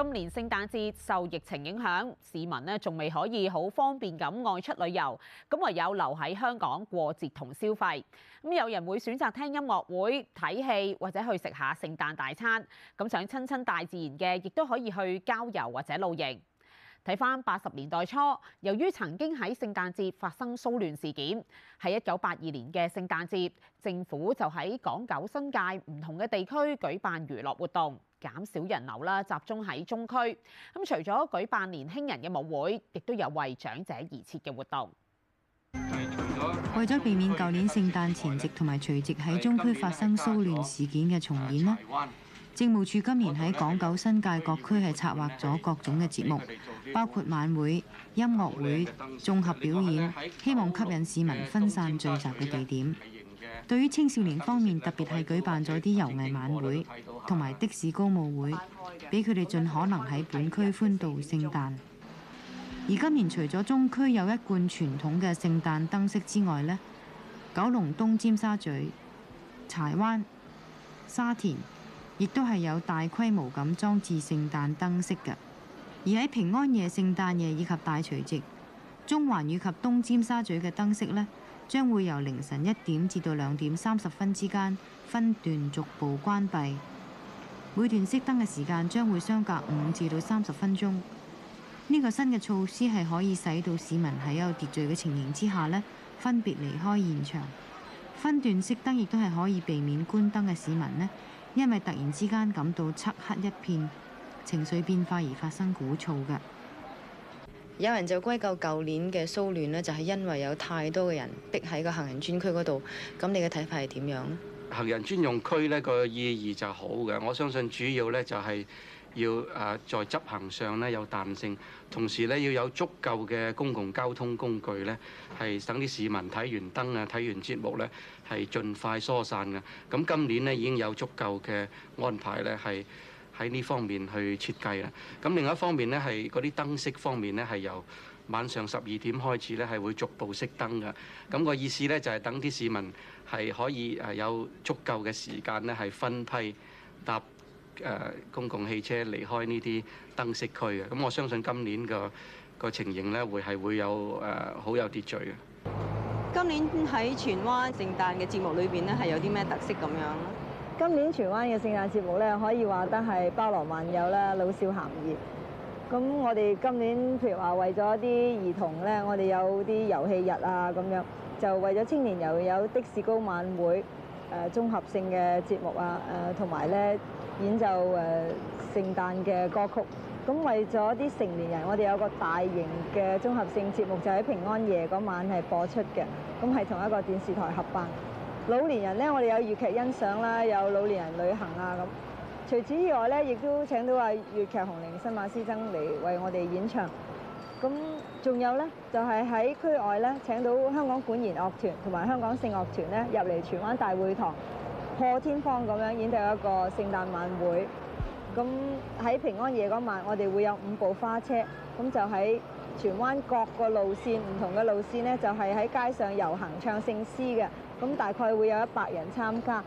今年聖誕節受疫情影響，市民咧仲未可以好方便咁外出旅遊，咁唯有留喺香港過節同消費。咁有人會選擇聽音樂會、睇戲，或者去食下聖誕大餐。咁想親親大自然嘅，亦都可以去郊遊或者露營。睇翻八十年代初，由於曾經喺聖誕節發生騷亂事件，喺一九八二年嘅聖誕節，政府就喺港九新界唔同嘅地區舉辦娛樂活動。減少人流啦，集中喺中區。咁除咗舉辦年輕人嘅舞會，亦都有為長者而設嘅活動。為咗避免舊年聖誕前夕同埋除夕喺中區發生騷亂事件嘅重演咯，政務處今年喺港九新界各區係策劃咗各種嘅節目，包括晚會、音樂會、綜合表演，希望吸引市民分散聚集嘅地點。對於青少年方面，特別係舉辦咗啲遊藝晚會同埋的士高舞會，俾佢哋盡可能喺本區歡度聖誕。而今年除咗中區有一貫傳統嘅聖，聖誕燈飾之外，呢九龍東、尖沙咀、柴灣、沙田，亦都係有大規模咁裝置聖誕燈飾嘅。而喺平安夜、聖誕夜以及大除夕，中環以及東尖沙咀嘅燈飾呢。將會由凌晨一點至到兩點三十分之間分段逐步關閉，每段熄燈嘅時間將會相隔五至到三十分鐘。呢個新嘅措施係可以使到市民喺有秩序嘅情形之下呢，分別離開現場。分段熄燈亦都係可以避免觀燈嘅市民呢，因為突然之間感到漆黑一片，情緒變化而發生鼓噪嘅。有人就歸咎舊年嘅騷亂呢就係因為有太多嘅人逼喺個行人專區嗰度。咁你嘅睇法係點樣？行人專用區呢個意義就好嘅，我相信主要呢就係要誒在執行上呢有彈性，同時呢要有足夠嘅公共交通工具呢係等啲市民睇完燈啊睇完節目呢係盡快疏散嘅。咁今年呢已經有足夠嘅安排呢係。喺呢方面去設計啦。咁另外一方面咧，係嗰啲燈飾方面咧，係由晚上十二點開始咧，係會逐步熄燈嘅。咁個意思咧，就係等啲市民係可以誒有足夠嘅時間咧，係分批搭誒公共汽車離開呢啲燈飾區嘅。咁我相信今年個個情形咧，會係會有誒好有秩序嘅。今年喺荃灣聖誕嘅節目裏邊咧，係有啲咩特色咁樣？今年荃灣嘅聖誕節目咧，可以話得係包羅萬有啦，老少咸宜。咁我哋今年譬如話為咗啲兒童咧，我哋有啲遊戲日啊咁樣；就為咗青年又有的士高晚會，誒綜合性嘅節目啊，誒同埋咧演奏誒聖誕嘅歌曲。咁為咗啲成年人，我哋有一個大型嘅綜合性節目，就喺平安夜嗰晚係播出嘅。咁係同一個電視台合辦。老年人咧，我哋有粵劇欣賞啦，有老年人旅行啊咁。除此以外咧，亦都請到啊粵劇紅伶新馬師曾嚟為我哋演唱。咁仲有咧，就係、是、喺區外咧請到香港管弦樂團同埋香港聖樂團咧入嚟荃灣大會堂破天荒咁樣演奏一個聖誕晚會。咁喺平安夜嗰晚，我哋會有五部花車。咁就喺荃灣各個路線，唔同嘅路線呢，就係喺街上遊行唱聖詩嘅。咁大概會有一百人參加。